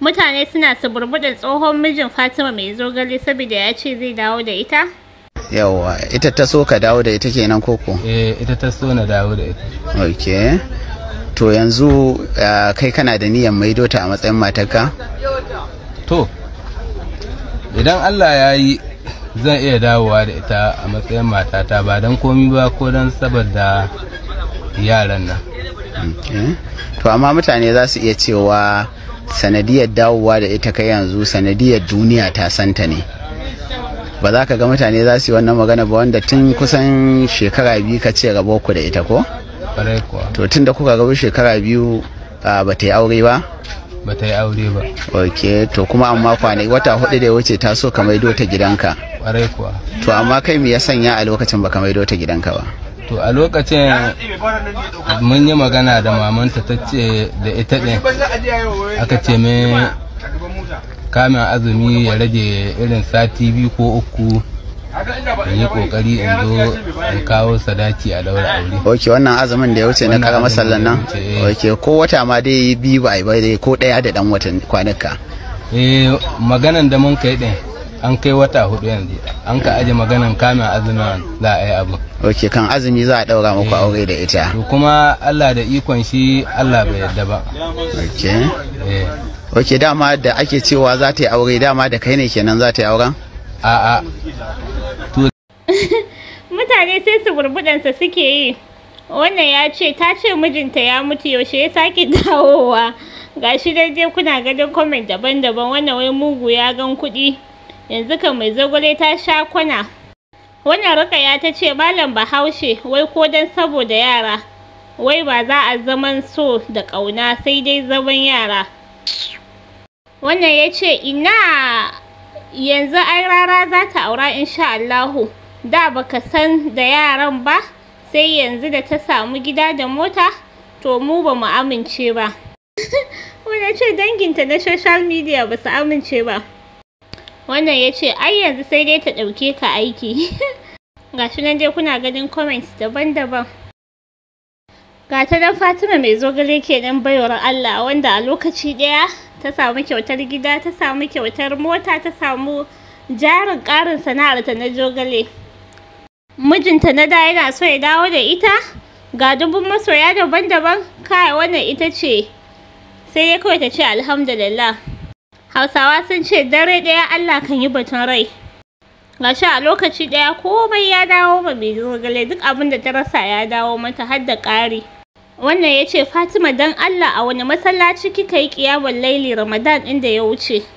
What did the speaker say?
Mutane suna suburbuɗin tsohon mijin Fatima mai zogale saboda ya ce zai dawo da ita? Yawwa, ita ta so ka dawo da ita kenan koko? Eh, ita ta so na dawo da ita. Okay. To yanzu kai kana da niyan maido ta a matsayin matarka? To, idan Allah ya yi zan iya dawowa da ita a matsayin matata ba don komi ba ko don saboda yaran nan. To, amma mutane za su iya cewa sanadiyar dawowa da ita kai yanzu sanadiyar duniya ta santa ne ba za ka ga mutane za su yi wannan magana ba wanda tun kusan shekara biyu ka ce rabo ku da ita ko to tun da kuka rabu shekara biyu ba ta yi aure ba ba ta yi aure ba ok to kuma amma kwanaki wata hudu da wuce ta so ka maido ta gidanka to amma kai me ya sanya a lokacin ba ka maido ta gidanka ba to a lokacin mun yi magana da mamanta ta ce da ita ɗin aka ce min kamin azumi ya rage irin sati biyu ko uku in yi kokari in zo in kawo sadaki a daura aure ok wannan azumin da ya wuce na kara masallan nan eh. ok ko wata ma dai biyu ba a yi dai ko ɗaya da ɗan watan kwanaka eh maganan da mun kai din. an kai wata hudu yanzu an ka aje maganan kamin azumin za a yi abu ok kan azumi za a daura muku eh. aure da ita to kuma allah da ikon shi allah bai yadda ba ok eh. ok dama da ake cewa za ta yi aure dama da kai ne kenan za ta yi auren a'a mutane sai su burbudansa suke yi wannan ya ce ta ce mijinta ya mutu yaushe ya sake dawowa gashi dai kuna gadon comment daban-daban wannan wai mugu ya gan kuɗi yanzu kan mai zagwale ta sha kwana wannan rukaya ta ce malam bahaushe wai ko dan saboda yara wai ba za a zaman so da ƙauna sai dai zaman yara wannan ya ce ina yanzu ai rara za ta aura insha Allahu da baka san da yaran ba sai yanzu da ta samu gida da mota to mu ba mu amince ba wanda ce danginta na social media ba su amince ba wannan ya ce ai yanzu sai dai ta ɗauke ka aiki ga shi nan dai kuna ganin comments daban-daban ga ta dan fatima mai zogale ke dan baiwar allah wanda a lokaci ɗaya ta samu kyautar gida ta samu kyautar mota ta samu jarin ƙarin sana'arta na jogale mijinta na da yana so ya dawo da ita ga dubun masoya daban-daban kai wannan ita ce sai dai kawai ta ce alhamdulillah Hausawa sun ce dare ɗaya Allah kan yi batun rai. Gashi a lokaci ɗaya komai ya dawo ma mai zogale duk abin da ta rasa ya dawo mata har da ƙari. Wannan ya ce Fatima don Allah a wani masallaci kika yi ƙiyamar laili Ramadan inda ya wuce.